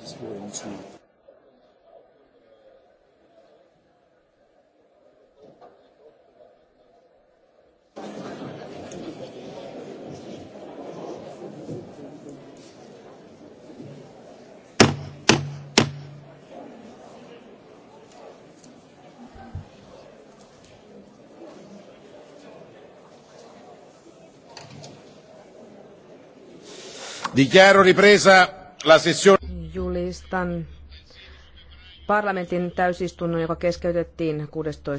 dieses Forum zu. Dichiaro ripresa la sessione julistan parlamentin täysistunnon, joka keskeytettiin 16.